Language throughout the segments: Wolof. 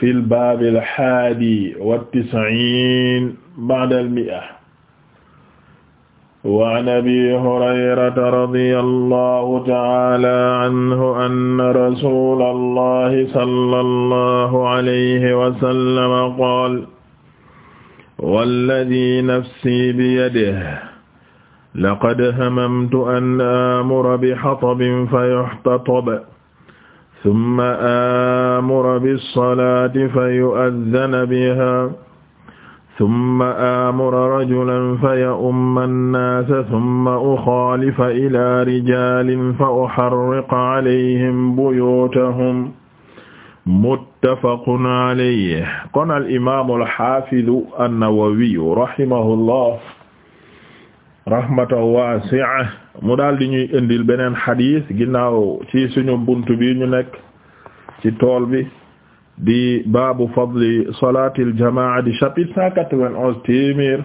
fi lbab alhaadi wattis'iin ba'da almi'a wa 'an abi hurayrata radiyallahu ta'ala anhu anna rasulallahi sallallahu alayhi wa sallam qaala walladhi nafsi biyadihi laqad hamamtu an aamura bihatabin fayuhtatab summa aamura bis-salaati fa yu'azzana bihaa summa aamura rajulan fa ya'umma an-naasa summa uxaalifa ilaa rijaalin fa uharriqa alayhim buyuutahum muttafaqun alayhi kon al-imaamu al-xaafidu an-Nawawiyu rahimahullah rahmatan waasi'a mu daal di ñuy indil beneen xadiis ginnaaw ci suñu bunt bi ñu nekk ci tool bi di baabu fadli salaati aljamaa di chapitre cent quatre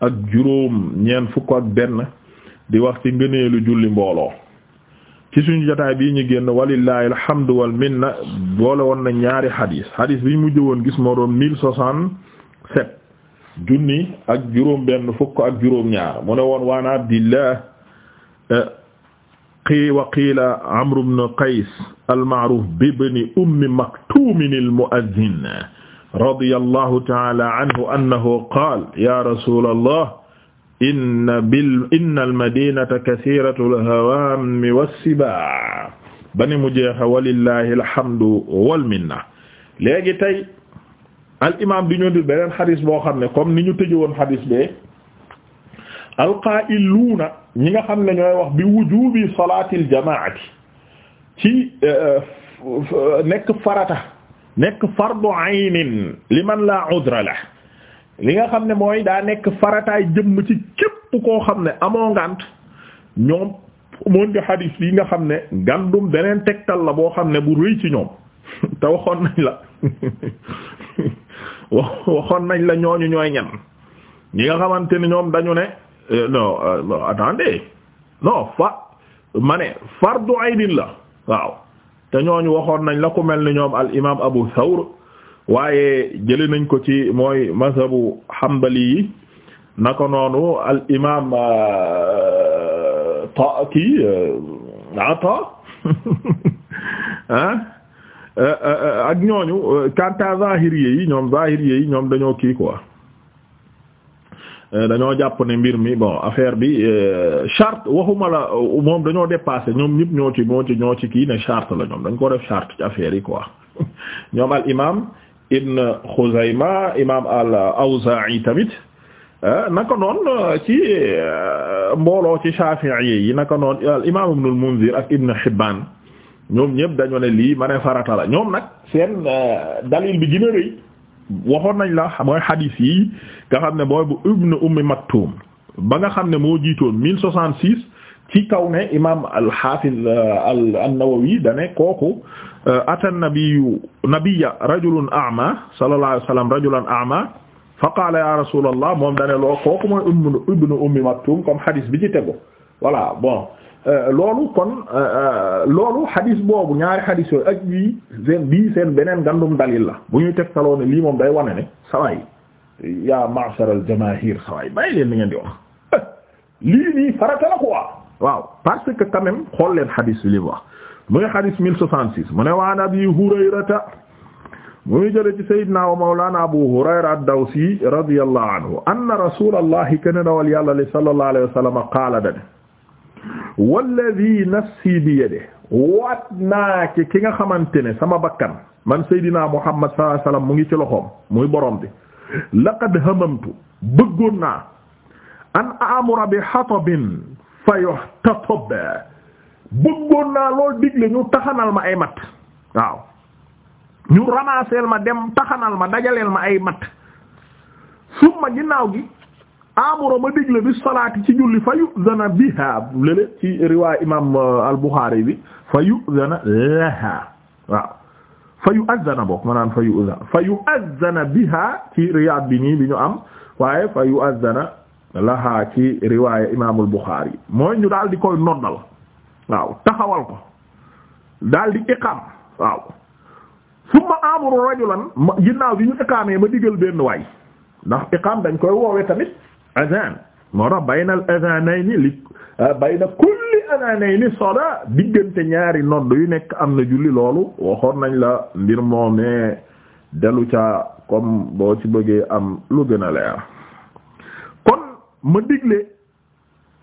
ak juróom ñeent fukk ak benn di wax ci ngëneelu julli mbooloo ci suñu jotaay bii ñu génn walillahi alhamdu wal minna boole na ñaari xadiis xadiis bi mu jëwoon gis moo doon mille junni ak juróom benn fukk ak juróom ñaar mu ne woon waan abdillah qii wa qiila Amr ibn Qays al-ma'ruf bibni ummi Maktum al-mu'adhdhin radiyallahu ta'ala anhu annahu qaala ya rasulallah inna bil inna al-madinata kathiratu al-hawaami was-sibaa bani mu jeexa walillahi alhamdu wal minna léegi tey al imaam di ñu di beneen xadis boo xam ne comme ni ñu tëjee woon xadis bee alqaa'iluuna ñi nga xam ne ñooy wax bi wujubi salaatil jamaati ci euh, euh, nekk farata nekk fardu aynin li man la udra la li nga xam ne mooy daa nekk farataay jëmm ci képp koo xam ne amoo ngant ñoom moon di xadis yi nga xam ne ngandum beneen tegtal la boo xam ne bu rëy ci ñoom te waxoon nañ la waxoon nañ la ñooñu ñooy ñan ñi nga xamante ni ñoom dañu ne Euh, euh, non attendez non fa ma ne fardu la waaw te ñooñu waxoon nañ la ku mel ni ñoom al imaam Abu Thawr waaye jëlee nañ ko ci mooy mazhabu hanbali yi naka noonu al imaam euh, ta ata ak ñooñu kanta zahiri yi ñoom zahiri yi ñoom dañoo kii quoi. Euh, dañoo jàpp ne mbir mi bon affaire bi chart euh, charte waxuma la euh, moom dañoo dépassé ñoom ñëpp ñoo ci ñoo ci ñoo ci kii ne charte la ñoom dañ ko def charte ci affaire yi quoi ñoom al imam ibn Khuzayma imam al Awza'i tamit naka noon ci mbooloo ci Shafi'i yi naka noon al ibn al ak ibn Hibban ñoom ñëpp dañoo ne lii ma ne farata ñoom nag seen dalil bi gën a waxoon nañ la mooy hadith yi nga xam ne mooy bu ibn ummi maktum ba nga xam ne moo jiitoon mille soixante six ci kaw ne imaam al-Hafiz euh, an-Nawawi dane kooku euh, ata nabiyu nabiyya rajulun a'ma sallallahu alayhi wasallam rajulan a'ma fa qaala ya rasul allah moom dane loo kooku mooy ibn ummi maktum comme hadith bi ci tegu voilà bon Euh, loolu kon euh, euh, loolu xadis boobu ñaari xadis yooyu ak bii seen bii seen beneen ngandum dalil la bu ñuy tegtaloo ne lii moom day wane ne sawaay yaa ma'shar al jamaahir sawaay bàyyi leen ni ngeen wax lii nii farata waaw parce que quand xool leen xadis bi li mu wax muy xadis 1066 mu ne waan abi hurayrata muy jële ci sayyidina wa mawlana abu hurayra ad-dawsi radiyallahu anhu anna rasulallahi kana dawal yàlla li sallallahu alayhi wa walladi nafsi bi yede waat naa ci ki nga xamante ne sama bakkan man seydinaa muhammad sallallahu alayhi wasallam mu ngi ci loxoom muy borom bi laqad hamamtu bëggoon naa an amura bi xatabin fa yuhtatab bëggoon naa lool digle ñu taxanal ma ay mat waaw ñu ramaaseel ma dem taxanal ma dajaleel ma ay mat summa ginnaaw gi amura ma digle bi salaati ci julli fa yuzana biha lële ci riwaay imam euh, al-Bukhari bi fa yuzana laha waaw fa yu'azzana bokk ma naan fa yu'azzana fa yu'azzana biha ci riyaad bi nii bi ñu am waaye fa yu'azzana laha ci riwaaya imaam al-Bukhari mooy ñu daal di koy noddal waaw taxawal ko daal di iqaam waaw summa amuru rajulan ginnaaw bi ñu iqaamee ma digal benn waay ndax iqaam dañ koy woowe tamit azan moo tax baynal azanayni li bayna kulli azanayni soda diggante ñaari nodd yu nekk am na julli loolu waxoon nañ la mbir moom ne ca comme boo ci bëggee am lu gën a leer kon ma digle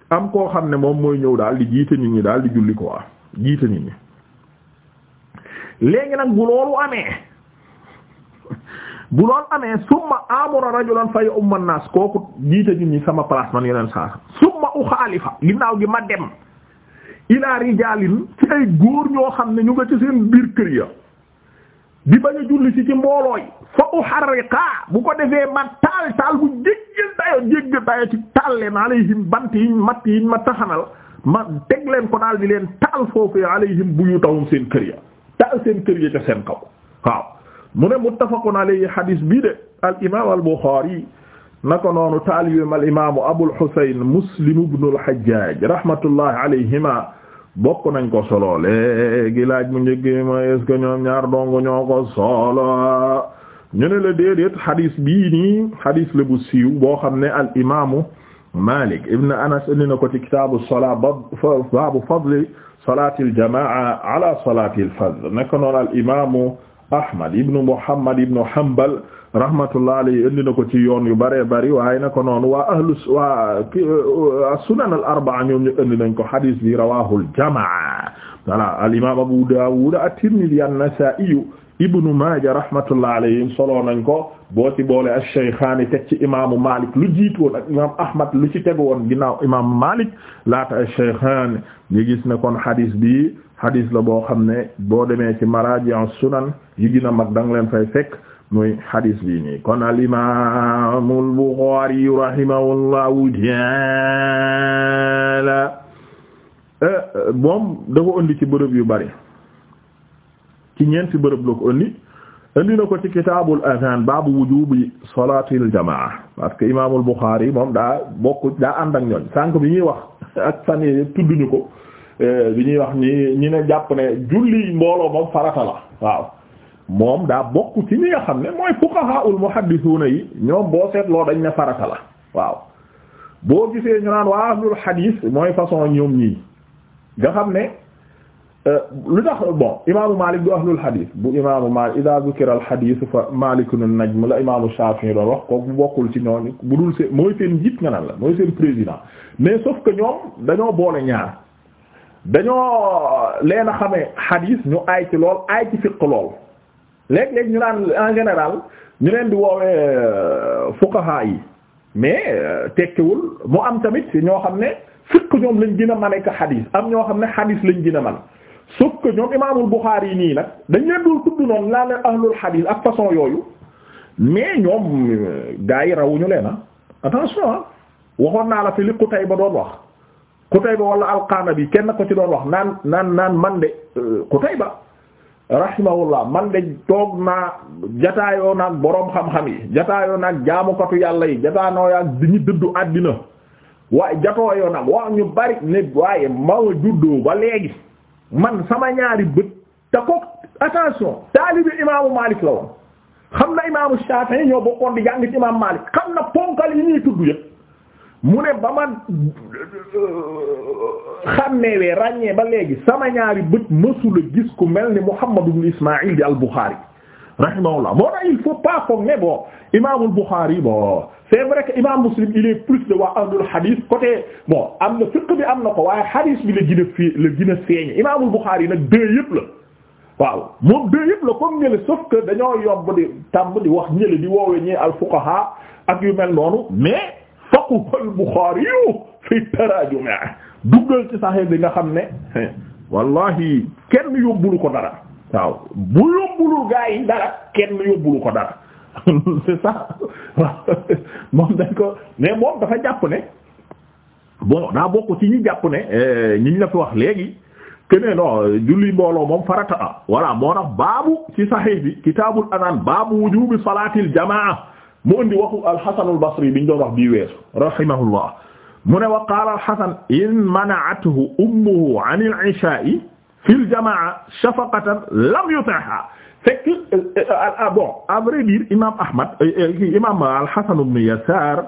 am koo xam ne moom mooy ñëw daal di jiite nit ñi daal di julli quoi jiite nit ñi léegi nag bu loolu amee bu lool amee summa amura rajulan fa ya umma naas kooku jiite nit ñi sama place man yeneen saa summa uxaalifa ginnaaw gi ma dem ilaa rijaalin ci ay góor ñoo xam ne ñu nga ci seen biir kër ya di bañ julli ci ci mboolooy fa uharriqa bu ko defee ma taal taal bu jéggal dayo jéggal dayo ci taal leen alayhim bant yiñ matt yiñ ma taxanal ma teg leen ko daal di leen taal foofu alayhim buyutahum seen kër ya taal seen kër ya ca seen kaw waaw mu ne muttafaqun alayhi hadis bii de al imaam al Buxaari naka noonu taalibeem al imaamu Abul Husayn Muslim ibnul Hajjaaj rahmatullahi alayhima bokk nañ ko solo léegi laaj mu njëkk mooy est-ce que ñoom ñaar dong ñoo ko solo ñu ne la déedéet hadis bii nii hadis la bu siiw boo xam ne al imaamu Maalik ibn Anas indi na ko ci kitaabu salaa baabu fadli salaatil jamaa ala salaatil fard naka noonu al imaamu. Ahmad ibn Muhammad ibn Hanbal rahmatullah alayhi indi na ko ci yoon yu bare bëri waaye na ko noonu waa ahlu waa sunan al arba'a ñoom ñu indi nañ ko hadis bi rawahul jamaa voilà al imam Abu Dawud at-Tirmidhi an-Nasa'i ibnu rahmatullah alayhim soloo nañ ko boo ci boole ash-Shaykhaani teg ci imaamu lu jiitu woon ak imaamu Ahmad lu ci tegu woon ginnaaw imaamu ne kon hadis bi hadis la boo xam ne boo demee ci maraaji sunan yi gën a mag da leen fay fekk muy hadis bi nii kon al imam al Bukhari rahimahullahu taala eh, da ko indi ci bërëb yu bari ci ñeenti bërëb la ko indi indi na ko ci kitaabul azan baabu wujubi salaatil jamaa parce que imaamul Bukhari moom daa bokk daa ànd ak ñoom sànq bi ñuy wax ak fan tudduñu ko. Euh, bi ñuy wax ñi ñu ne jàpp ne julli mbooloo moom farata la waaw moom daa bokk ci ñi nga xam ne mooy fuqahaul muhaddisuuna yi ñoom boo seetloo dañ ne farata la waaw boo gisee ñu naan waa ahlul hadith mooy façon ñoom ñii nga xam ne euh, lu tax bon imaamu Maalik du ahlul hadith bu imaamu Maalik idaa zukira al hadith fa Maalikun najm la imaamu Shaafi'i doon wax kooku bokkul ci ñooñu bu dul seen mooy seen njiit nga naan la mooy seen président mais sauf dañoo boole ñaar. dañoo leen a xamee xadiis ñu aay ci lool ay ci fiq lool léeg-léeg ñu naan en général ñu leen di woowee euh, fuqaha yi mais euh, tekkiwul mu am tamit ñoo xam ne fiq ñoom lañ gën a mane ko xadiis am ñoo xam ne xadiis lañ gën a man sauf que ñoom imaamul Buxaari yi nii nag dañ leen dul tudd noonu laa leen ahlul ak façon yooyu mais ñoom euh, gaa yi rawuñu leen ah attention ah waxoon naa la fi li Qutayba doon wax Qutayba wala al-Qanabi kenn ko ci doon wax naan naan naan man de euh, Qutayba rahimahullah man de toog na jataayo naag boroom xam-xam yi jataayoo naag jaamukatu yàlla yi jataanoo yaag di ñu dëddu àddina waaye jatooyoo naag waa ñu bari ne waaye mawa juddoo ba léegi man sama ñaari bët te ko attention taalibi imaamu Malik la xam na imaamu Shafi'i ñoo bokkoon di jàng ci imaamu Malik xam na ponkal yi ñuy tudd yëpp mu ne ba man xam euh, xàmmeewee ràññee ba léegi sama ñaari bët mësula gis ku mel ni Muhammad ibn Ismaïl di al-Bukhari rahimahullah moo tax il faut pas foog ne bon imaamul Bukhari bon c'est vrai que imam Muslim il est plus de waa ahlul hadith côté bon am na fiqh bi am na ko waaye hadith bi la gën a fi la gën a feeñ imaamul Bukhari nag deux yëpp la waaw moom deux yëpp la comme ñële sauf que dañoo yomb di tàmb di wax ñële di woowee ñi al fuqaha ak yu mel noonu mais faquhal Buxaari fi tarajumi duggal ci Sahih bi nga xam ne wallahi kenn yóbbulu ko dara waaw bu yóbbulu gaa yi dara kenn yóbbulu ko dara c'est ça moom dañ ko mais moom dafa jàpp ne bon daa bokk ci ñi jàpp ne eh, ñi ñu la fi wax léegi keneen ne julli mbooloo moom farata a moo tax baabu ci Sahih bi kitaabul adaan baabu wujubi salaatil jamaa mu indi waxu alxasanul basri bi ñu doon wax bii weesu rahimahullah mu ne wa qaala alxasan in mana'athu ummuhu an al-ishaa'i fi al-jamaa'a shafaqatan lam yuti'ha fekk euh, euh, bon à vrai dire imaam Ahmad euh, imaam alxasan ibn yasaar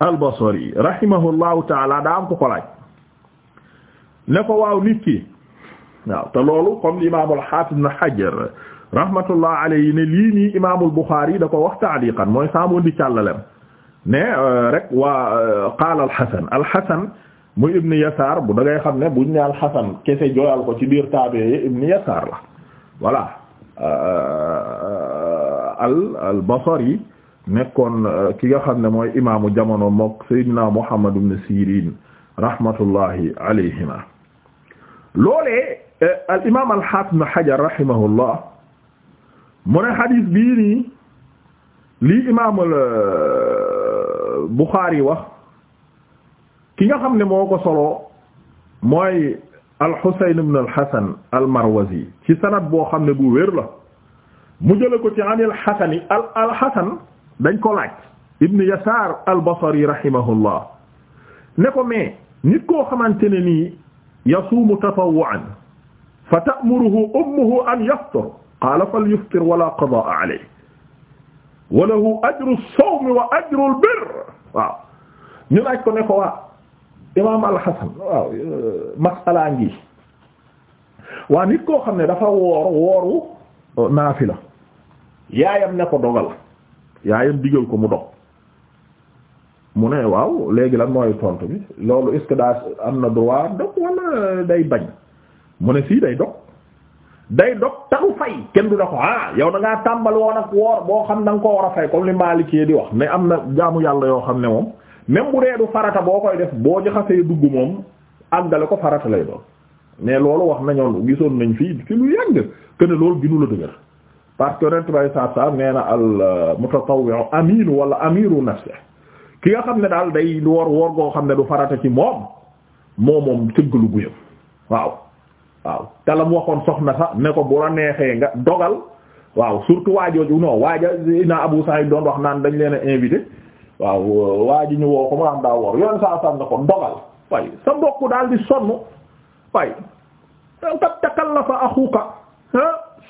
al-basri rahimahullahu ta'ala daa am ko ko laaj ne ko waaw nit ki waaw te loolu comme imaam al-haafiz ibn hajar rahmatullah alayhi ne lii nii imaamul Buxaari da ko wax ta'liqan mooy saamu di càllalem ne euh, rek waa euh, qaala alxasan alxasan mu ibn yasaar bu da ngay xam ne buñ ne alxasan kese jooyal ko ci biir taabee ibn yasaar la voilà euh, al al basri nekkoon ki nga xam ne mooy imaamu jamono mook sayyidina Muhammad ibn Sirin rahmatullahi alayhima loolee al imaam al-Hafiz ibn Hajar rahimahullah mu ne xadiis bii nii lii imaamul euh, Buxaari wax ki nga xam ne moo ko soloo mooy al-Husayn ibn al-Hasan al-Marwazi ci sanad boo xam ne bu wér la mu jële ko ci anil Hasani al al-Hasan dañ ko laaj ibn Yasaar al-Basri rahimahullah ne ko mais nit koo xamante ne nii yasuumu tatawwu'an fa ta'muruhu ummuhu an yaftur qaala fal yuftir wala qadaa alayhi wa lahu ajru as-sawmi wa ajru al-birr waaw ñu laaj ko ne ko waa imaam al-Hasan waaw euh, masala ngi waa nit koo xam ne dafa woor wooru euh, naafila yaayam ne ko dogal yaayam digal ko mu dog mu ne waaw léegi lan mooy tontu bi loolu est-ce que daa am na droit dog wala day bañ mu ne fii day dog day dog kenn du na ko ah yow da ngaa tàmbal woon ak woor boo xam da nga koo war a fay comme li Maliki di wax ne am na jaamu yàlla yoo xam ne moom même bu dee du farata boo koy def boo jaxasee dugg moom àggale ko farata lay doon mais loolu wax nañoon gisoon nañ fii fi lu yàgg que ne loolu ginu la dëgër parce que rent bay saab saab nee na al mutatawwi'u aminu wala amiru nafsi ki nga xam ne daal day lu woor woor goo xam ne du farata ci moom moo moom tëggalu guyam waaw waaw te la mu waxoon soxna sax ne ko bu la neexee nga dogal waaw surtout waajooju non waaja naa Abu Sa'id doon wax naan dañ leen a invité waaw waa ji ñu woo ko ma am daa woor yoon saa sam na ko daal di sonn waaye kat takallafa axuka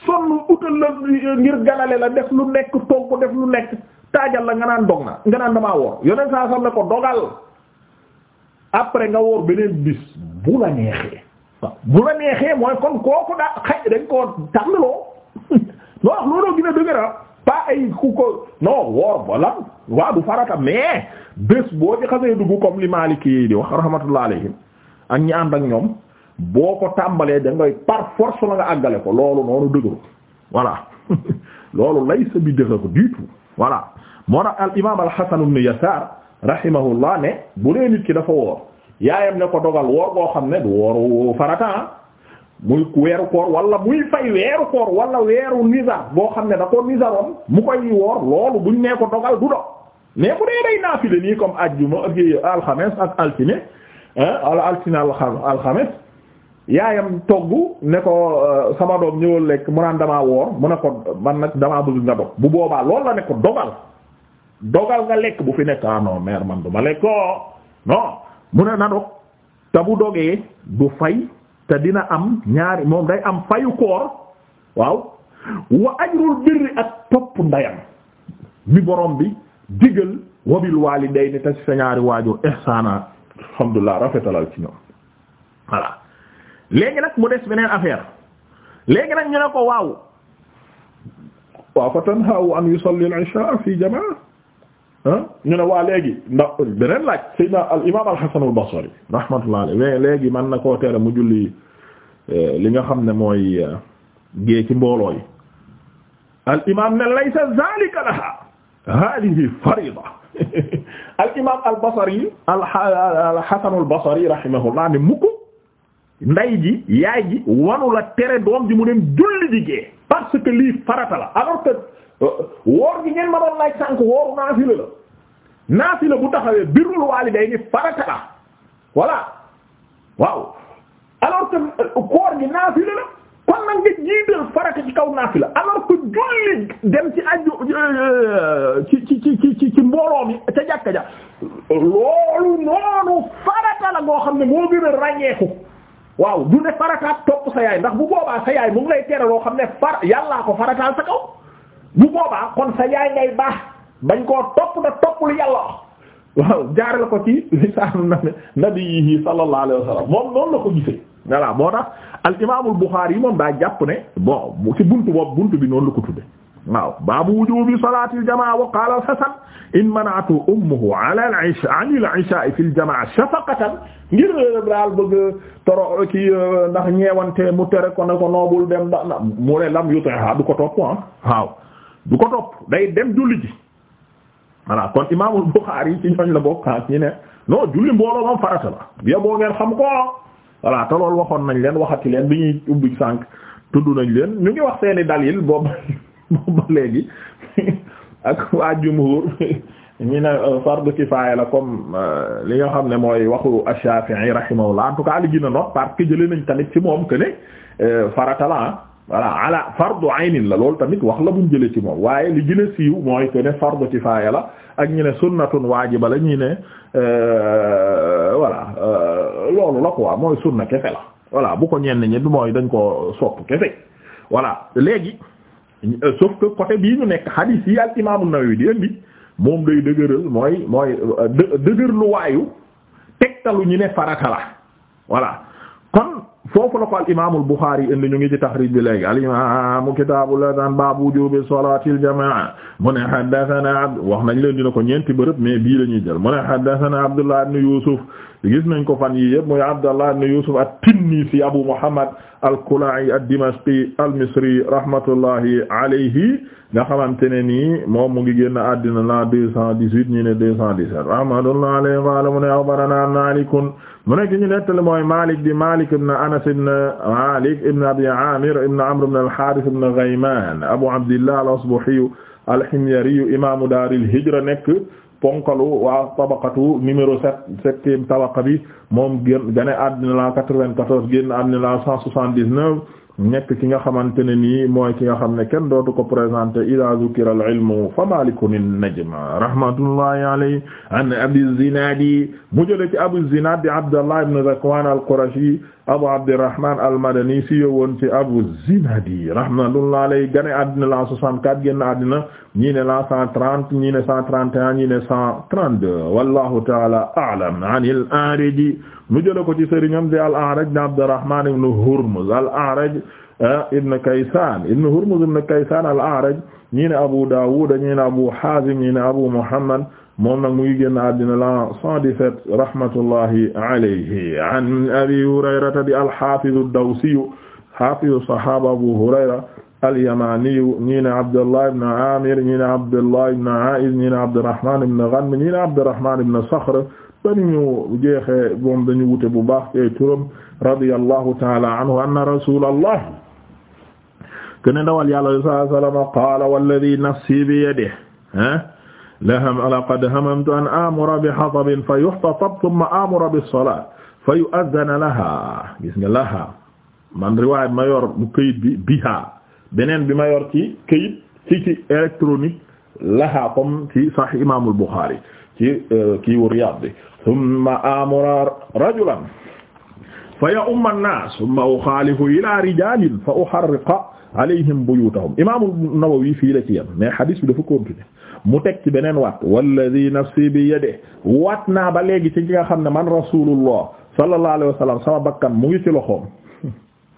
sonn utal la ngir ganale la def lu nekk togg def lu nekk taajal la nga naan dog na nga naan damaa woor yoneen saa sam na ko dogal après nga woor beneen bis bu la neexee waaw bu la neexee mooy kon kooku da xay dañ koo tànnloo noo wax looloo gën a dëgëra pas ay ku ko non woor wala waaw du farata mais bés boo ci xasee dugg comme li Maalik yi di wax rahmatullah alayhim ak ñi ànd ak ñoom boo ko tàmbalee da ngay par force la nga àggale ko loolu noonu dëgëru voilà loolu laysa bi dëgëru du tout voilà moo tax al imaam al Hasan ibn Yasaar rahimahullah ne bu nit ki dafa woor yaayam ne ko dogal woor boo xam ne du wooru farata ah. muy weeru koor wala muy fay weeru koor wala weeru nizar boo xam ne da ko nizaroon mu ko dogal do mais bu dee day naafile nii comme ajjuma ak alxames ak altine ala altine alxames togg ne ko euh, sama doom ñëwal lekk mu naan damaa woor mu ne ko nag damaa bëgg bu boobaa loolu la ne ko dogal dogal nga lekk bu fi nekk ah non man du ma lekk non mu ne na dog te bu dogee du fay te dina am ñaari moom day am fayu koor waaw wa ajrul birri ak topp ndeyam bi borom bi digal wabil walidayni te ci sa ñaari waajur ihsana alhamdulillah rafetalal ci ñoom voilà léegi nag mu des beneen affaire léegi nag ñu ne ko waaw waaw fa tanhawu an yusalli al-isha fi jamaa ñu ne waa léegi ndax beneen laaj sayyidina al imaam léegi man na koo tere mu julli eh, li nga xam ne mooy eh, gée ci mbooloo yi al imaam ne laysa zalika laha hadihi farida al imaam al basri al al hasan ji yaay ji wanu tere doom ji mu dem julli ji gée parce que woor gi ngeen ma doon laaj sànk wooru naafila la naafila bu taxawee birrul waalidayni farata la voilà waaw alors que koor gi naafila la kon nag nga jiital farata ci kaw naafila alors que julli dem ci aju euh, ci ci ci mi ca jàkka ja loolu noonu farata la ngoo xam ne moo gën a ràññeeku waaw du ne farataat topp sa yaay ndax bu boobaa sa yaay mu ngi lay tere loo xam ne far yàllaa ko farataal sa kaw bu boobaa kon sa yaay ngay baax bañ koo topp topp lu jaar la ko ci lisaanu nabiyihi sallallahu alayhi wa sallam moom noonu la ko gisee voilà moo tax al imaamul Buxaari yi moom daa jàpp ne bon ci buntu bi noon la ko tudde waaw baabu wujubi salati aljamaa wa qala alhasan in mana'atu ummuhu ala al-isha al-isha fi aljamaa shafaqatan ngir daal ndax ñeewante mu tere ko ne ko noobul dem ndax mu du ko topp day dem julli ji voilà kon imaamul Buxaari ci ñooñ la bokkaat ah, ñi ne non julli mbooloo moom farata la bia boo ngeen xam ko voilà te loolu waxoon nañ leen waxati leen bi ñuy ubbi sànq tudd nañ leen ñu ngi wax seeni dalil boobu boobu léegi ak waa jumhur ñu ne euh, fardu kifaaya la comme euh, li nga xam ne mooy waxu Shafi'i rahimahullah en tout cas li gën a nox parce jëlee nañ tamit ci moom que ne euh, voilà ala fardu aynin la loolu tamit wax la buñ jëlee ci moom waaye li gën a siiw mooy que ne fardu kifaaya la ak ñu ne sunnatun waajiba la ñu ne euh, voilà euh, loolu la quoi mooy sunna kefe la voilà bu ko ñenn ñi mooy dañ ko sopp kefe voilà léegi euh, sauf que côté bii ñu nekk xadiis yi al imaamu di indi moom day dëgëral mooy mooy dë teg tegtalu ñu ne farata la voilà kon. foofu la ko al imaamul Buxaari indi ñu ngi ci taxrij bi léegi al imaamu kitaabul adaan baabu wujuubi salaatil jamaa mu ne haddasanaa wax nañ leen dina ko ñeenti bërëb mais bii la ñuy jël mu ne haddasanaa Abdullah ibn Yuusuf gis nañ ko fan yii yëpp mooy Abdullah ibn Yuusuf at-Tinnisi Abu Muhammad al-Kalaa'i ad-Dimashqi al-Misri rahmatullahi alayhi nga xamante ne nii moom mu ngi génn àddina la deux cent dix-huit ñu ne deux cent dix-sept rahmatullahi alayhi qaala mu ne akhbaranaa Maalik mu nekk ñu nettali mooy Maalik di Maalik ibn Anas ibn Maalik ibn Abi Aamir ibn Amr ibn al-Haarith ibn Ghaymaan Abu Abdillah al-Asbahi al-Himyari imaamu daaril hijra nekk ponkalu waa tabaqatu numéro sept septième tabaqa bi moom gën gane àddina la quatre-vingt-quatorze génn àddina la cent soixante-dix-neuf nekk ki nga xamante ne nii mooy ki nga xam ne kenn dootu ko présenté ida zukira al ilmu fa malikun najm rahmatullahi alayhi an abi zinadi mu jële ci abu zinadi abdallah ibn zakwan al qurashi Abu Abdurrahman al-Madani si yowoon ci Abu Zinadi rahmatullahi alayhi gane àddina la 64 génn àddina ñii ne la 130 ñii ne 131 ñii ne 132 wallahu ta'ala a'lam anil A'raj mu jël ko ci sëriñam di al-A'raj ibn Abdurrahman ibn Hurmuz al-A'raj eh, ibn Kaysan ibn ne Abu Dawud ñii ne Abu Hazim ñii Abu Muhammad moom nag mu ngi génn àddina la 117 rahmatullahi alayhi an abi hurayrata di alhafidu dawsiyu hafidu sahaba abu hurayra alyamaniyu ñi ne abdullah ibn amir ñi ne abdullah ibn aiz ñi ne abdurrahman ibn ghanm ñi ne abdurrahman ibn sakhr dañu jeexe moom dañu wute bu baax ci turam radiyallahu ta'ala anhu anna rasulullah kene ndawal yàlla sallallahu alayhi wa sallam qaala walladhi nafsi bi yadihi laham laqad hamamtu an amura bi hatabin fa yuhtatab thumma amura bi salat fa yu'adhana laha gis nga laha man riwaay ma yor bu këyit bi biha beneen bi ma yor ci këyit ci ci électronique laha comme ci sahih imam al-Bukhari ci euh, kii wu Riyad bi thumma amura rajulan fa ya'umma an-nas thumma ukhalifu ila rijalin fa uharriqa alayhim buyutahum imaamul Nawawi fii la ci yem mais hadis bi dafa continuer mu teg ci beneen waat walladhi nafsi bi yadihi waat naa ba léegi ci nga xam ne man rasulullah sallallahu alayhi wa sallam sama bakkan mu ngi ci loxoom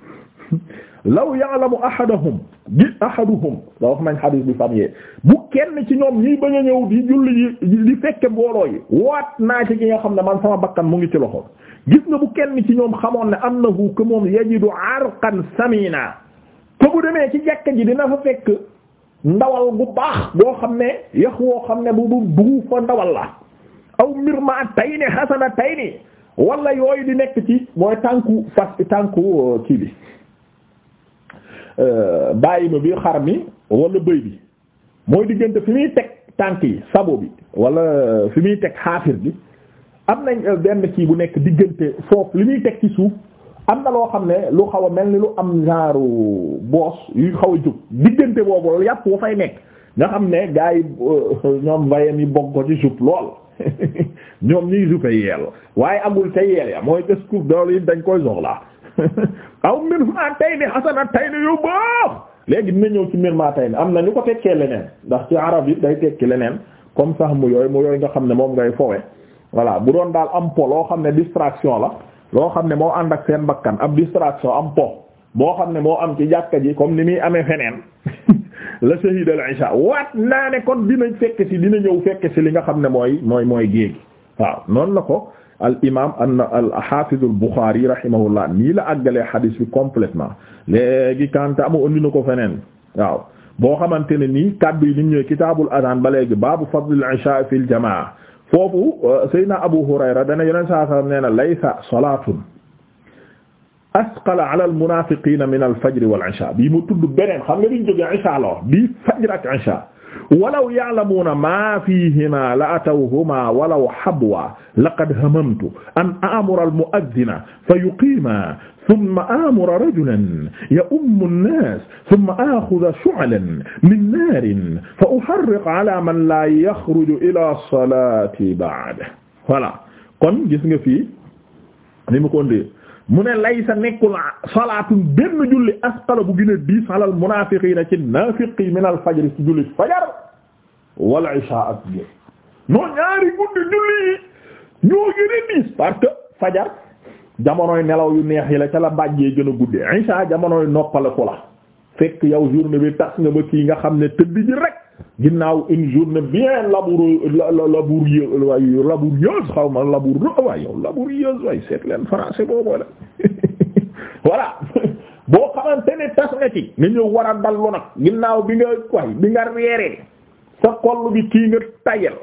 law ya'lamu ahaduhum bi ahaduhum da wax nañ hadis bi fan bu kenn ci ñoom ñiy bañ a ñëw di julli yi di fekke mbooloo yi waat naa ci nga xam ne man sama bakkan mu ngi ci loxoom gis nga bu kenn ci ñoom xamoon ne annahu que moom yajidu arqan samina te bu demee ci jàkka ji dina fa fekk ndawal bu baax boo xam ne yax woo xam ne bu bu dugub fa ndawal la aw mbir ma tay ni xasana tay ni wala yooyu di nekk ci mooy tànku fas tànku euh, kii bi euh, bàyyi ma bi xar mi walla bëy bi mooy diggante fi muy teg tànk yi sabo bi wala euh, fi muy teg xaafir bi am nañ benn kii bu nekk diggante foofu li muy teg ci suuf am na loo xam ne lu xaw a mel ni lu am genre boos yu xaw a jóg diggante boobu yàpp wa fay nekk nga xam ne gars yi euh, ñoom vayem yi bokk ko ci suuf lool ñoom ñuy suufe yeel waaye amul ca yeel ya mooy scoop doolu yi dañ koy soxla aw mbir maa tay ni xasana tay ni yu baax léegi dina ñëw ci mbir maa tay ni am na ñu ko tekkee leneen ndax ci arab yi day tekki leneen comme sax mu yooyu mu yooyu nga xam ne moom ngay fowe voilà bu doon daal am po loo xam ne distraction la loo xam ne moo ànd ak seen bakkan ab distraction am po boo xam ne moo am ci jàkka ji comme ni muy amee feneen la shahid al isha waat naa ne kon dina fekk ci dina ñëw fekk si li nga xam ne mooy mooy mooy géegi waaw noonu la ko al imam an al hafiz al Bukhari rahimahullah nii la àggalee hadith bi complètement léegi kanta amu andi ko feneen waaw boo xamante ne nii kaddu yi ni mu ñëwee kitaabul adaan ba léegi baabu fadl al isha fil jamaa foofu euh, Seydina Abu Hurayra dana yoneen saa sallam nee na laysa salaatun asqala ala al munaafiqiina min al fajri wal isha bii mu tudd beneen xam nga biñ jógee isha la wax bii fajr ak isha walaw ya'lamuuna maa fiihimaa la atawhumaa walaw habwa laqad hamamtu an a'mura al-mu'adhdhina fa yuqiima thumma a'mura rajulan ya'ummu an-naas thumma a'khudha shu'lan min naarin fa uharriq 'alaa man laa yakhruju ilaa salaati ba'da voilà kon gis nga fii ni mu ko ndee mu ne laysa nekkul salaatun benn julli asqala bu gën a diis alal munaafiqiina ci naafiqi min al fajr ci julli fajar wal ishaa ak biir noo ñaari guddi julli ñoo gën a diis parce que fajar jamonoy nelaw yu neex yi la ca la bàjjee gën a guddi ishaa jamonoy noppaleku la fekk yow journée bi tas nga ba kii nga xam ne tëdd ji rek ginnaaw une journée bien laboureux labourieuse waay xaw ma laboureux waay yow labourieuse waay seet leen français booboo la voilà boo xamante ne tas nga ci nga ñëw war a dallu nag ginnaaw bi nga waay bi nga reeree sa xol bi kii nga tayel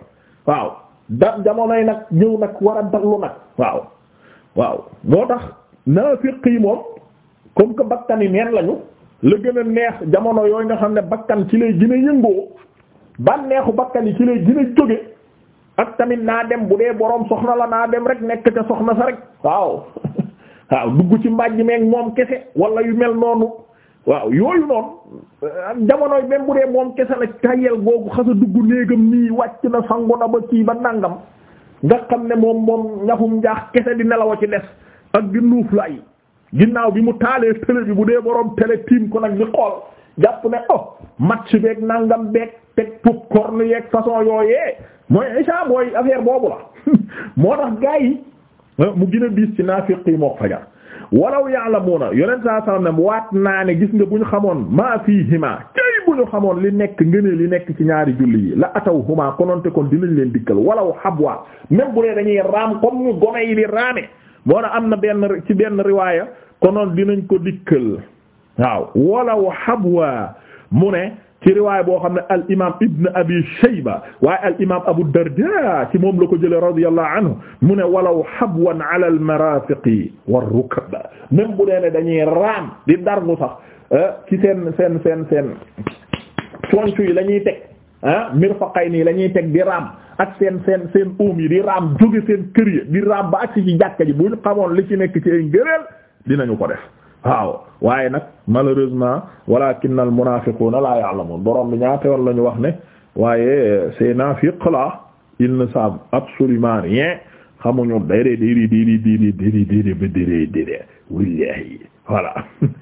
waaw da jamonoy nag ñëw nag war a dallu nag waaw waaw moo tax naafiq yi moom comme que bakkan yi neen lañu la gën a neex jamono yooyu nga xam ne bakkan ci lay gën a yëngoo bànneexu bakkan yi ci lay gën a jóge ak tamit naa dem bu dee boroom soxna la naa dem rek nekk ca soxna sa rek waaw waaw dugg ci mbàjj meeg moom kese walla yu mel noonu waaw yooyu noonu ak jamonoy même bu dee moom kese la tayel googu xasa dugg néegam nii wàcc na sangu na ba kii ba nàngam nga xam ne moom moom ñafum njaax kese di nelaw a ci des ak di nuuf lay ginnaaw bi mu taalee télé bi bu dee boroom télé tiim ko nag ñu xool jàpp ne oh match beeg nangam beeg teg popcorn yeeg façon yooyee mooy isa mooy affaire boobu la moo tax gaa yi ah, mu gën a diis ci naafiq yi moo fajar walaw ya'lamuna yonent saa sallam ne waat naa ne gis nga bu ñu xamoon maa fiihima kay bu ñu xamoon li nekk ngënee li nekk ci ñaari julli yi la ataw huma kononte kon dinañ leen dikkal walaw habwa même bu dañuy raam comme ñu gone yi di raame moo na am na benn ci benn riwaaya konoon dinañ ko dikkal waaw walaw habwa mu ne ci riwaay boo xam ne al imaam Ibn Abi Shayba waaye al imaam Abu Darda ci moom la ko jëlee radiyallahu anhu mu ne wala habwan ala al marafiqi war rukab même bu dee ne dañuy raam di dargu eh, ci seen sen seen seen concu yi la ñuy teg ah mirfaqayni yi la ñuy teg di raam ak seen seen seen óom yi di raam jóge seen kër yi di raam ba ak ci jàkka ji bu ñu xamoon li ci nekk ci ay ngëneel dinañu ko def. waaw waaye nag malheureusement walakin al munafiquna la ya'lamun borom bi ñaata yoon la ñu wax ne waaye se nafiq la ils ne savent absolument rien xamuñu déré déré déré déré déré déré ba déré déré voilà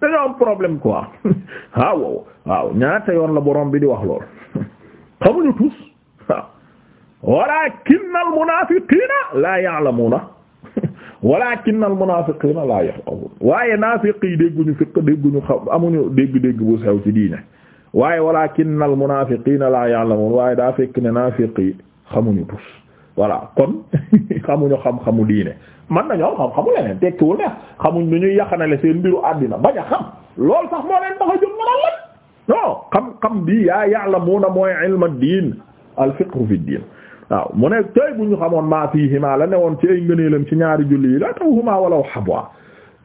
dañoo am problème quoi waaw waaw ñaata yoon la borom bi di wax lool xamuñu tous walakin al munafiqina ya'lamuna walaakinnal munaafiqiina laa yafqahuun waaye naafiq yi dégguñu fiq dégguñu xam amuñu dégg-dégg bu sew ci diine waaye walaakinnal munaafiqiina laa ya'lamuun waaye daa fekk ne naafiq yi xamuñu tus voilà kon xamuñu xam-xamu diine man nañoo xam-xamu leneen tekkiwul ne xamuñ lu ñuy yàqanale seen mbiru àddina bañ a xam loolu sax moo leen tax a jóg mën a lan non bi yaa ya'lamuuna mooy ilmu diin al fi diin waaw mu ne tey bu ñu xamoon maa fiihimaa la woon ci ay ngëneelam ci ñaari julli yi la tawhumaa walaw habwa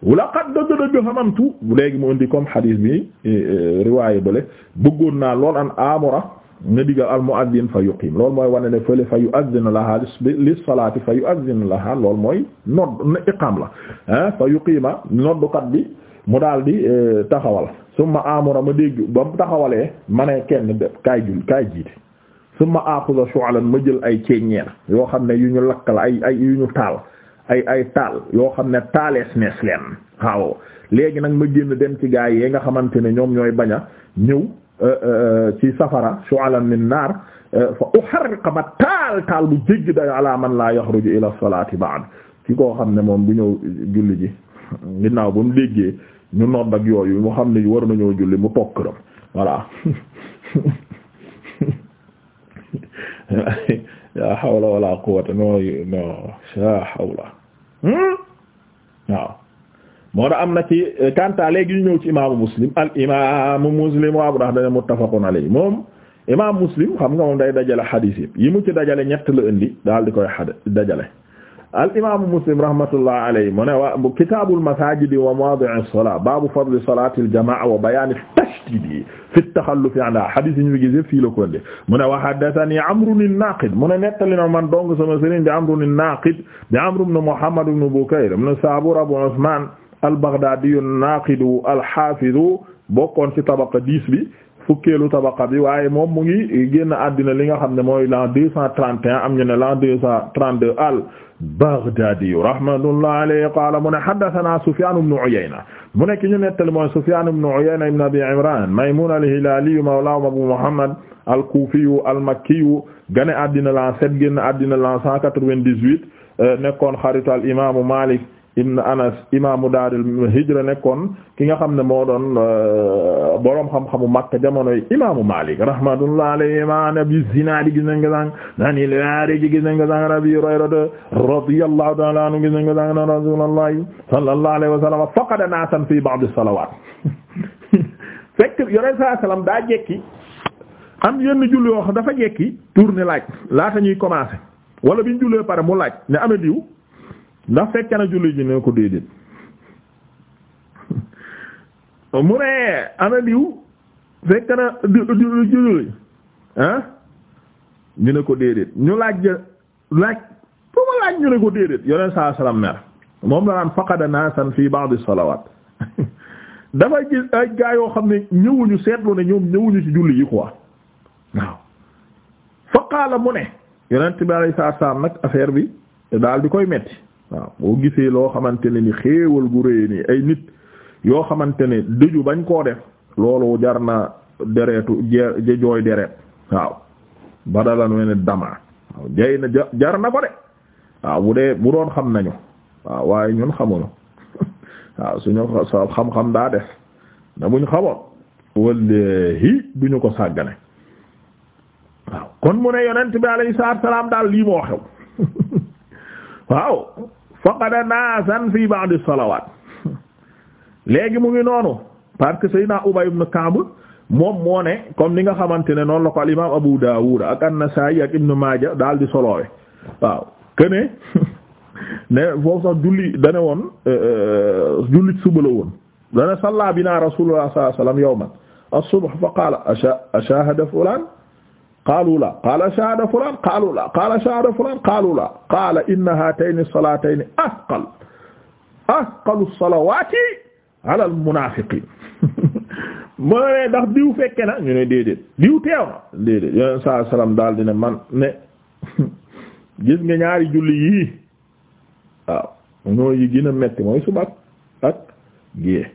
laqad dëgg-dëgg bu léegi mu indi comme hadis bi eh, eh, riwaayé bale bëggoon naa lool an amura nga digal al muaddin fa yuqiim loolu mooy wane ne fële fa yuaddin laha lis salaati fa yuaddin laha lool mooy nodd na iqaam la ah fa yuqiima noddukat bi mu daal di eh, taxawal summa amura ma dégg ba mu taxawalee ma ne kenn def kaay jul summa axuda shu'lan ma jël ay ceeññeer yoo xam ne yu ñu lakkal ay ay yu ñu taal ay ay taal yoo xam ne taalees nees leen waaw léegi nag ma génn dem ci gaa yee nga xamante ne ñoom ñooy baña ñëw euh, euh, ci safara shu'lan min naar euh, fa uharriqa ma taal taal bu jégg day ala man laa yaxruju ila salaati ba'd ci koo xam ne moom bu ñëw julli ji ginnaaw ba mu déggee ñu nodd ak yooyu mu xam ne war nañoo julli mu toog këram voilà yaa hawla wala quwwata no yaa hawla hmm? waaw moo da am na ci kanta léegi ñu ñëw ci imaamu muslim al imaamu muslim waaw ndax dana muttafaqun alayhi moom imaamu muslim xam nga moom day dajale xadiis yi yi mu ci dajale ñett la indi daal di koy xad dajale al imaamu muslim rahmatullah alayhi mu ne wa kitaabul masaajidi wa mawaadi'i salaa baabu fadli salaatil jamaa wa bayaani tashdiidi fi taxallufi anhaa xadis yi ñu gisee fii la ko indi mu ne wa haddathanii Amrun an-Naaqid mu ne nettali na man dong sama sëriñ di Amrun an-Naaqid di Amr ibn Muhammad ibn Bukayr ibn Saabuur Abu Usmaan al-Baghdaadiyu an-Naaqid al-Haafiz bokkoon ci tabaqa dix bi. fukkeelu tabaqa bi waaye moom mu ngi génn àddina li nga xam ne mooy l'an deux cent trente et un am ñu ne l'an deux cent trente-deux al-Baghdadi rahmatullah alayhi qaala mu ne haddathana Sufyan ibn Uyayna mu nekk ñu nettali mooy Sufyan ibn Uyayna ibn Abi Imran Maymun al-Hilali mawlahum Abu Muhammad al-Kufi al-Makki gane àddina l'an sept génn àddina l'an cent quatre-vingt-dix-huit nekkoon xaritu al-Imam Malik ibn anas imaamu daaril hijra nekkoon ki nga xam ne moo doon euh, boroom xam-xamu Makka jamonoy imaamu Maalik rahmatullah alayhi ma nabi zinaadi gis nañ nga sàng nani laari ji gis nañ nga sàng Abi Hurayrata radiyallahu ta'ala anhu gis nañ nga sàng na rasulullahi sallallahu alayhi wa sallam faqada naasan fi ba'd as-salawaat fekk yonent saa sallam daa jekki am yenn julli yoo xam dafa jekki tourner laaj laata ñuy commencer wala biñ jullee pare mu laaj ne amee diw ndax fekk na julli ji ne ko déedéet mu ne ana fekk na julli ah ñu ne ko déedéet ñu laaj laaj fu ma laaj ñu ne ko déedéet yoneen saa salaam mer moom la naan faqada naasan fii ba'd as-salawaat dafa gis ay gaa yoo xam ne ñëwuñu seetlu ne ñoom ñëwuñu ci julli yi quoi waaw fa mu ne yonent bi alayhi salaam nag affaire bi daal di koy metti waaw boo gisee loo xamante ne ni xéewal gu réy nii ay nit yoo xamante ne dëju bañ koo def loolu jar na deretu je jooy deret waaw badalan we dama jay na jar na ko de waaw bu dee bu doon xam nañu waaw waaye ñun xamuñu waaw suñu xam-xam daa def na buñ xamoon wallahi duñu ko sàggane waaw kon mu ne yonent bi alayhi salaam daal lii moo xew waaw faqada naasan fii ba'di salawaat léegi mu ngi noonu parce que Seydina Ubay ibn Ka'b moom moo ne comme ni nga xamante ne noonu la ko al imaam Abu Daawud ak an ak Ibn Maaja daal di soloowe waaw këne ne foofu sax julli dane woon euh, euh, jullit suba la woon dane salla binaa Rasuulullah sallallahu alayhi wa sallam fa qaala ashaahada fulaan qaalu la qaala shahada fulaan qaalu la qaala shahada fulaan qaalu la qaala inna haatayni salaatayni asqal al munaafiqiin moo ne diw fekke na ñu ne déedéet diw teew na déedéet yoneen saa daal di man ne gis nga ñaari julli yii waaw ñoo yi gën a metti mooy suba ak gée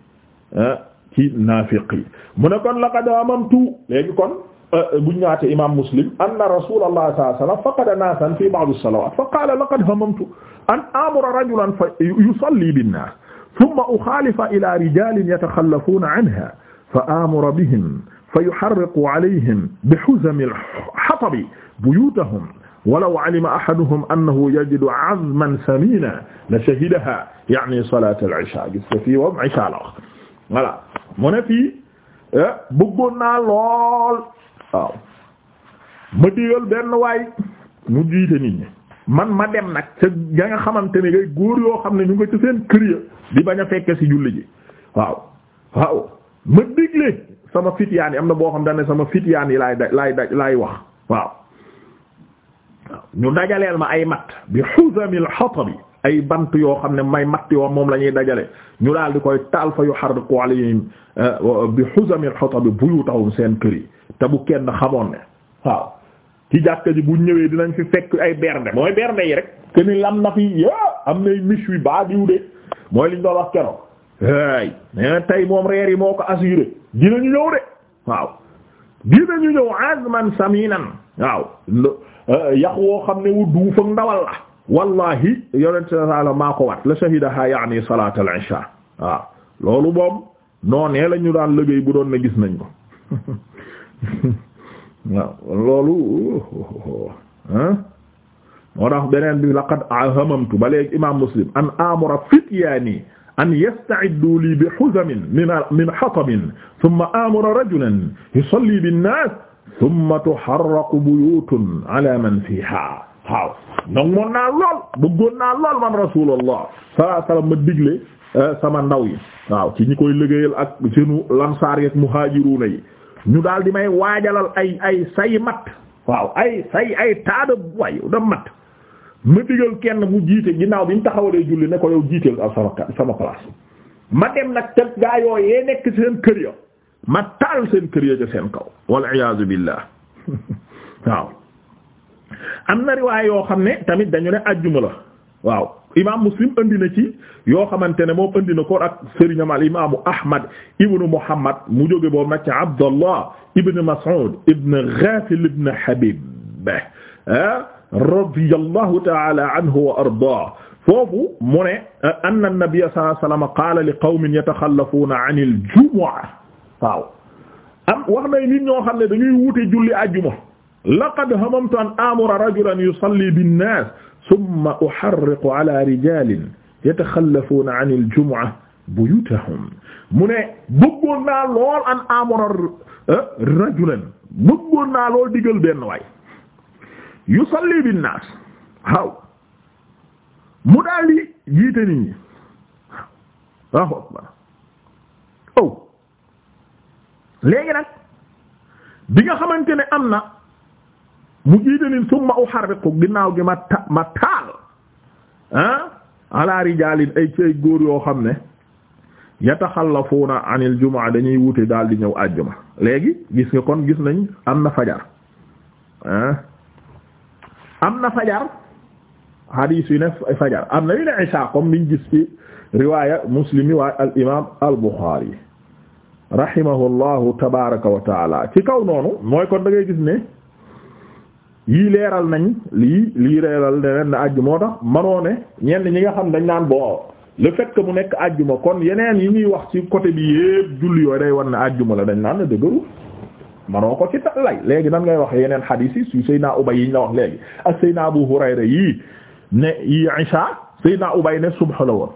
ah, ci naafiq yi mu ne kon laqad amamtu léegi kon Euh, buñ ñëwaatee imaam muslim anna rasulallah sallallahu alayhi wasallam faqada naasan fi ba'd as-salawat fa qala laqad hamamtu an amura rajulan fa yusalli bin-nas thumma ukhalifa ila rijalin yatakhallafuna anha fa amura bihim fa yuharriqu alayhim bihuzami al-hatabi buyutahum walaw alima ahaduhum annahu yajidu azman samina la shahidaha yaani salat al-isha gis nga fii moom isha la wax voilà mu ne fii eh, bëggoon naa lool waaw ma digal benn waay mu jiite nit man ma dem nag ca ya nga xamante ne ngay góor yoo xam ne ñu nga ci seen kër ya di bañ a fekke ci julli ji waaw waaw ma digle sama fityaan yi am na boo xam daan ne sama fityaan yi laay da laay wax waaw ñu dajaleel ma ay matt bi xusamil xatabi ay bant yoo xam ne may matt yoo moom la ñuy dajale ñu daal di koy taal fa yu xarriqu alayhim eh, bi xusamil xatabi buyutahum seen kër yi te bu kenn xamoon ne waaw ci jàkka ji bu ñëwee dinañ fi fekk ay bernde mooy bernde yi rek que ni lam na fi ya am nay miche wi baa diw de mooy liñ doon wax keroog ay nee tey moom reer yi moo ko assuré dinañu ñëw de waaw dinañu ñëw azman saminan waaw eh, yaq woo xam ne wu duuf ak ndawal la wallahi yonent sala maa ko wat la shahidaha yaani salat al isha waaw loolu moom noonee la ñu daan liggéey bu doon ne gis nañ ko waaw loolu ah moo tax beneen bi laqad hamamtu ba léegi imam muslim an amura fityaani an yasta'iddu li bi huzamin min min hatabin thumma amura rajulan yusalli bin-nas thumma tuharraqu buyutun ala man fiha waaw donc moon naa lool bëggoon naa lool man rasulullah sallallahu alayhi wasallam ma digle eh, sama ndaw yi waaw ci ñi koy liggéeyal ak seenu lansaar yi ak muhaajiruuna yi ñu daal di may waajalal ay ay say mat waaw ay say ay taada waay da mat ma digal kenn mu jiite ginnaaw bi ñu taxawalee julli ne ko yow jiiteel ak sama sama place ma dem nag te gaa yooyee nekk seen kër ya ma taal seen kër ya ca seen kaw wal iyaazu billah waaw am na riwaay yoo xam ne tamit dañu ne ajjuma la waaw imam muslim andi na ci yoo xamante ne moom andi na ko ak sëriñam al imaamu ahmad ibnu muhammad mu jóge boobu nag ci abdallah ibn mas'ud ibn ghafil ibn habib ah, radiyallahu ta'ala anhu wa arda foofu mu ne anna nabiyya sallallahu alayhi wa sallam qaala li qawmin yatakhallafuuna 'an al-jumu'a waaw am wax na nit ñoo xam ne dañuy wute julli àjjuma laqad hamamtu an amura rajulan yusalli bin-nas summa uharriqu ala rijalin yataxallafuuna an al-jumu'a buyutahum mu ne bëggoon naa lool an amura eh, rajulan bëggoon naa lool digal benn waay yusalli binnaas waaw mu daal di jiite nit ñi waaw waaw akbar aw oh. léegi nag bi nga xamante ne am na mu jiite leen summa uharriqu ginnaaw gi ma ta ma taal ah rijaalin ay ci ay góor yoo xam ne yataxallafuuna anil jumaa dañuy wute daal di ñëw àjjuma léegi gis nga kon gis nañ am na fajar ah, am na fajar hadis yu ne fajar am na yu ne isha comme gis ci riwaaya muslim yi al imaam al buxaari rahimahullahu tabaaraka wa taala ci kaw noonu mooy kon da gis ne. yii leeral nañ lii lii leeral leneen na àjjuma moo tax manoo ne ñenn ñi nga xam dañ naan boo le fait que mu nekk àjjuma kon yeneen yi ñuy wax ci côté bi yépp julli yooyu day war ne àjjuma la dañ naan la dëgëru manoo ko ci ta lay léegi nan ngay wax yeneen xadiis yi su Seydina Ubay yi ñu la wax léegi ak Seydina Abu Hurayra yii ne yii isha Seydina Ubay ne subha la woon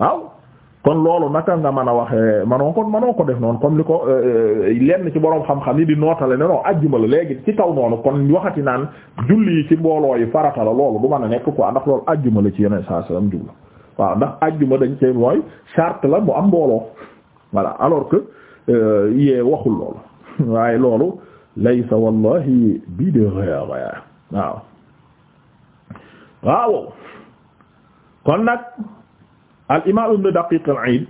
waaw kon loolu naka nga mën a waxee manoo kon manoo ko def noonu comme li ko euh, euh, lenn ci boroom xam-xam yi di nootale ne non ajjuma la léegi ci kaw noonu kon waxati naan julli yi ci mbooloo yi farata la loolu du mën a nekk quoi ndax loolu ajjuma la ci yeneen saa salaam jublu waaw ndax ajjuma dañ cee mooy charte la mu am mbooloo voilà alors que euh, yee waxul loolu waaye loolu laysa wallahi bi de waaw waaw kon nag. al imaam ibn daqiq al iid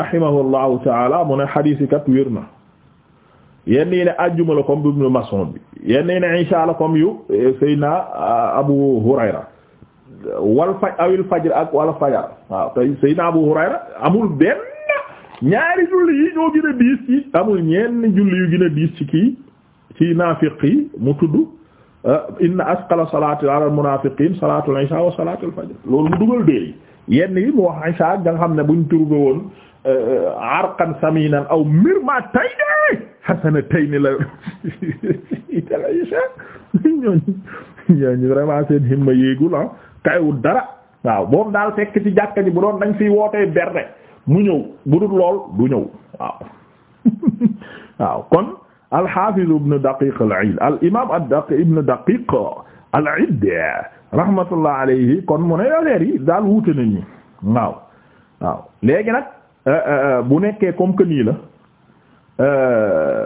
rahimahullahu taala mu ne xadiis yi kat wér na yenn yi ne àjjuma la comme ibn Mas'ud bi yenn yi ne insha Allah comme yu eh, Seydina eh, Abu Hurayra wal faj awil fajr ak wal fajar waaw tey Seydina Abu Hurayra amul benn ñaari julli yi ñoo gën a diis ci amul ñenn julli yu gën a diis ci kii ci naafiq yi mu tudd eh, inna asqala salaati ala al munaafiqiin salaatul isha wa salaatul fajr loolu mu dugal dee yi yenn yi mu wax ay saag nga xam ne buñ trouvé woon euh, arqan saminan aw mirmatayni hasanatayni la itala isa ñooñ ñooñu vraiment seen himma yéegul ah tayewul dara waaw moom daal fekk ci jàkka ji bu doon dañ fiy wootee berde mu ñëw bu dul lool du ñëw waaw waaw kon al-Hafiz ibn Daqiq al-Id al-imam ad-Daqiq ibn Daqiq al-Id rahmatullah alayhi kon mu ne leer yi daal wuute na nii waaw waaw léegi nag euh, euh, euh, bu nekkee comme que nii la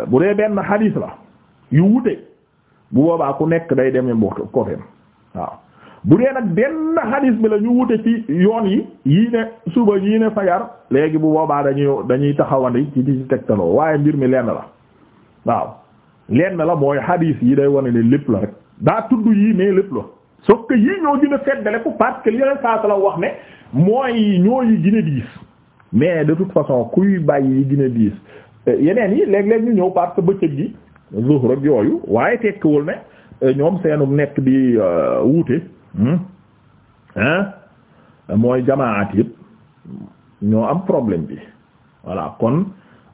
bu dee benn xadiis la yu wuute bu boobaa ku nekk day deme mboq kofeem waaw bu dee nag benn xadiis bi la ñu wute ci yoon yi yii ne suba yii ne fajar léegi bu boobaa dañuy dañuy taxawandi ci ci tegtaloo waaye mbir mi lenn la waaw lenn la mooy xadiis yi day wane ne lépp la rek daa tudd yii ne lépp la. so que yii ñoo gën feddale ko parce que li leen saa sala wax ne mooy ñoo yi gën diis mais de toute façon kuy bàyyi yi gën diis euh, yeneen yi léeg-léeg ñu ñëw parce que bëccëg gi zuhr rek yooyu waaye tekkiwul ne euh, ñoom seenu nekk di euh, wuute hmm, hein mooy jamaat yëpp ñoo am problème bi voilà kon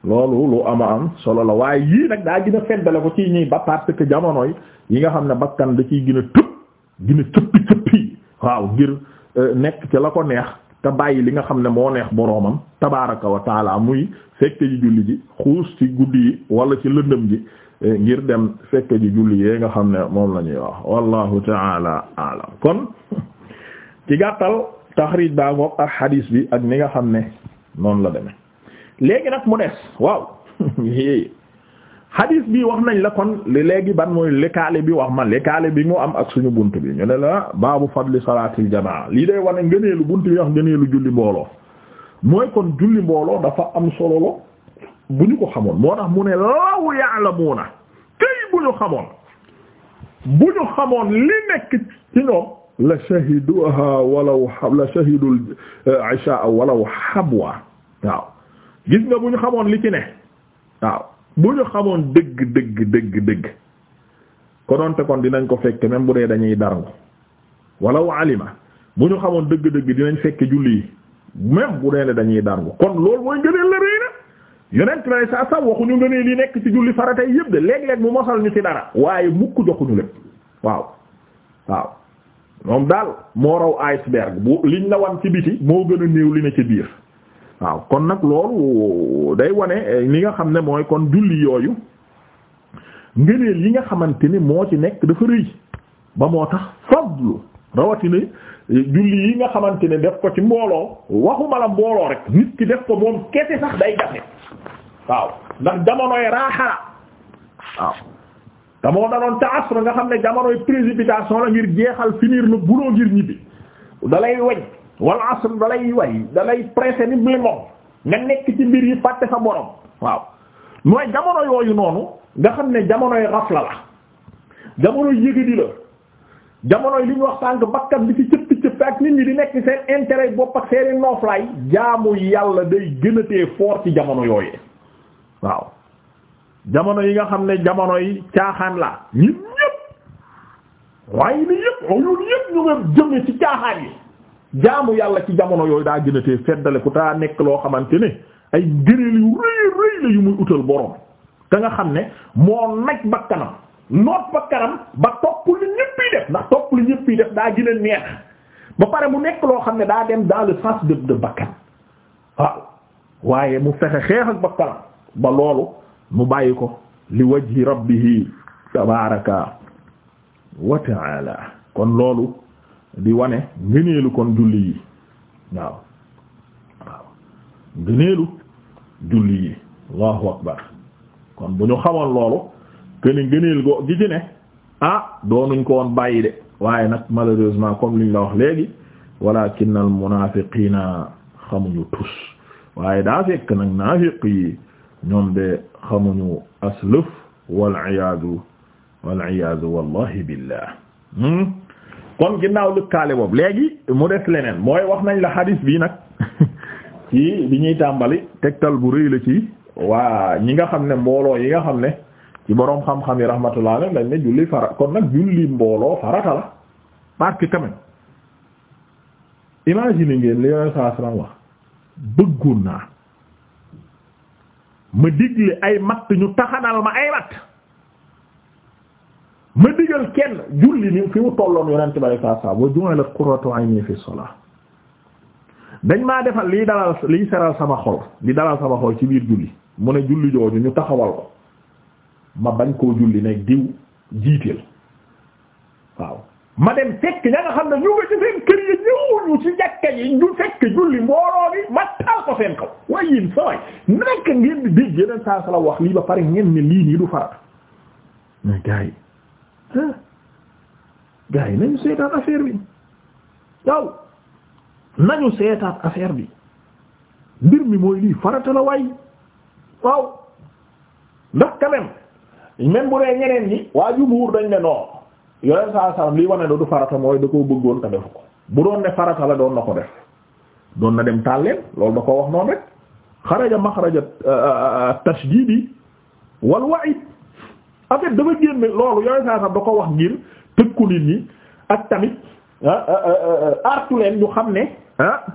loolu lu am a am solo la waaye yii nag daa gën a feddale ko ci ñuy ba parce que jamonoy yi nga xam ne bakkan da ciy gën a dina cëppi cëppi waaw ngir euh, nekk ci la ko neex te bàyyi li nga xam ne moo neex boroomam tabaraka wa taala muy fekke ji julli ji xuus ci guddi yi wala ci lëndëm ji euh, ngir dem fekke ji julli yee nga xam ne moom la ñuy wax wallahu taala alam kon ci gàttal taxrij baa ngoog ak xadiis bi ak ni nga xam ne noonu la deme léegi nag mu des waaw hadis bii wax nañ la kon li léegi ban mooy lëkkaale bi wax man lëkkaale bi mu am ak suñu bunt bi ñu ne la baabu fadli salaatil jamaa lii day wane ngëneelu bunt bi wax ngëneelu julli mbooloo mooy kon julli mbooloo dafa am solo lo bu ñu ko xamoon moo tax mu ne law ya'lamuuna kay bu ñu xamoon bu ñu xamoon li nekk ci ñoom la shahiduha walaw la shahidul isha walaw habwa waaw gis nga bu ñu xamoon li ci ne waaw bu ñu xamoon dëgg dëgg dëgg dëgg konoonte kon dinañ ko fekke même bu dee dañuy darangu wala wa bu ñu xamoon dëgg-dëgg dinañ fekke julli yi même bu dee ne dañuy darangu kon loolu mooy ngëneel la rëy na yonent lay saa sa waxuñu ngëneel yi nekk ci julli faratay yëpp de léeg-léeg mu mosal ñu ci dara waaye mukk joxuñu lépp waaw waaw moom daal moo raw iceberg bu liñ la wan ci biti moo gën a néew li ne ci biir waaw kon nag loolu day wane eh, li nga xam ne mooy kon julli yooyu ngëneel yi nga xamante ni moo ci nekk dafa rëy ba moo tax fadlu rawatina julli yi nga xamante ne def ko ci mbooloo waxuma la mbooloo rek nit ki def ko moom kese sax day jafe waaw ndax jamonoy raaxala waaw te moo danoon ta asr nga xam ne jamonoy précipitation la ngir jeexal finir la buloo ngir ñibbi dalay weñ wal asr dalay way dalay pressé ni limon nga nekk ci mbir yi fàtte sa borom waaw mooy jamono yooyu noonu nga xam ne jamonoy rafla la jamonoy yëgadi la jamonoy li ñu wax sànq bakkat bi ci cëpp cëpp ak nit ñi di nekk seen intere bopp ak seeni nooflaay jaamu yàlla day gënatee fort ci jamono yooyee waaw jamono yi nga xam ne jamonoy caaxaan la ñun ñëpp waaye ni yëpp yoonu yëpp ñu nga jëme ci caaxaan yi jaamu yàlla ci jamono yooyu daa gën a tee feddale ku taa nekk loo xamante ne ay ngëneel yu rëy rëy la yu muy utal borom te nga xam ne moo naj bakkanam noot bakkanam ba topp lu ñëpp def ndax topp lu ñëpp def daa gën neex ba pare mu nekk loo xam ne daa dem dans le sens de bakkan waaw waaye mu fexe xeex ak bakkanam ba loolu mu bàyyi ko li wajhi rabbihi tabaraka wa taala kon loolu di wane ngëneelu kon julli yi waaw waaw ngëneelu julli yi allahu akbar kon bu ñu xamoon loolu këni ngëneel go gi ci ne ah doonuñ ko woon bàyyi de waaye nag malheureusement comme liñ la wax léegi walakin al munafiqina xamuñu tus waaye daa fekk nag naafiq ñoom de xamuñu aslëf wal iyaadu wal wallahi billah hmm? kon ginnaaw lëkkaale boobu léegi mu des leneen mooy wax nañ la hadis bii nag ci bi ñuy tàmbali tegtal bu réy la ci waa ñi nga xam ne mbooloo yi nga xam ne ci boroom xam-xam yi rahmatullah alayhi dañ ne julli fara kon nag julli mbooloo farata la parce que quand même imagine ngeen li yoneen saa salam wax bëggoon naa ma digle ay matt ñu taxanal ma ay matt ma digal kenn julli ni fi mu tolloon yonent bari saa saa fi salat maa defal liy dalal liy seral sama xol di dalal sama xol ci biir julli mu ne julli jooju ñu taxawal ko ma bañ koo julli ne diw jiiteel waaw ma dem fekk ña nga xam ne ñu nga ci seen kër yi ñëwuñu ci jàkka yi ñu fekk julli mbooloo bi ma taal ko seen kaw waaye yéen saway naka ngeen di dégg yeneen saa sala wax lii ba pare ngeen ne lii nii du farat gars yi nañu seetaat affaire bi waaw nañu seetaat affaire bi mbir mi mooy lii farata la waay waaw ndax quand même même bu dee ñeneen ñi waa jumhuur dañ ne non yoneen saa sallam lii wane ne du farata mooy da koo bëggoon te defu ko bu doon ne farata la doon na ko def doon na dem tàlleen loolu da koo wax noonu rek xaraja maxraja euh, euh, euh, tashdidi wal wa'id en fait dafa génne loolu yooyu saa sax da ko wax ngir tëkku nit ñi ak tamit ah, ah, ah, artu leen ñu xam ne ah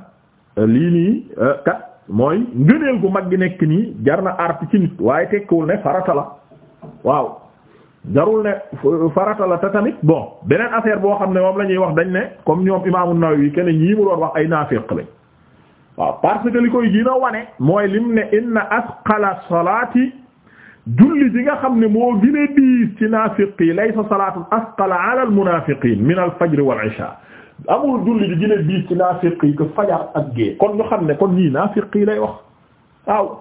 lii nii kat mooy ngëneel gu mag gi nekk nii jar na artu ci nit waaye tekkiwul ne farata la waaw jarul ne farata la te tamit bon beneen affaire boo xam ne moom lañuy wax dañ ne comme ñoom imaamu Nawawi kenn ñii mu doon wax ay naafiq lañ waaw parce que li koy gën a wane mooy lim ne inna asqala salati julli ji nga xam ne moo gën a diis ci naafiq yi laysa salaatun asqala ala al munaafiqiin min al fajr wal amul julli ji gën diis ci naafiq yi fajar ak gée kon ñu xam ne kon ñii naafiq yi lay wax waaw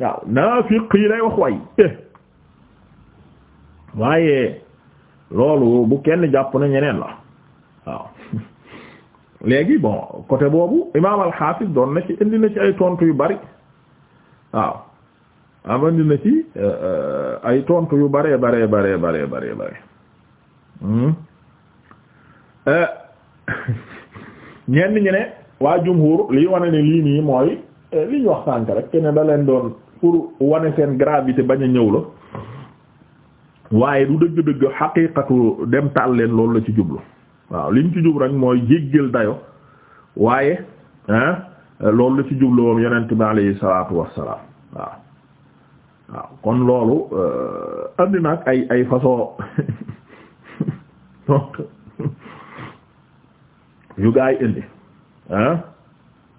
waaw yi lay wax way eh. waaye loolu bu kenn jàpp na ñeneen la waaw bon côté boobu imaam al-Hafiz doon na ci indi na ci ay tontu yu bari waaw am na ci ay tontu yu bare bare bare bare bare bare hmm? euh, ñi ne waa jumhur lii wane ne lii nii mooy euh, li wax sànk rek kenn da leen doon pour wane seen gravité bañ a ñëw la waaye du dëgg-dëgg xaqiiqatu dem taal leen loolu la ci jublu waaw liñ ci jub rek mooy jéggal dayo waaye loolu la ci jublu moom yonent bi alayhi salaatu wassalaam waaw waaw kon loolu euh, andi nag ay ay façon donc yu gaa indi ah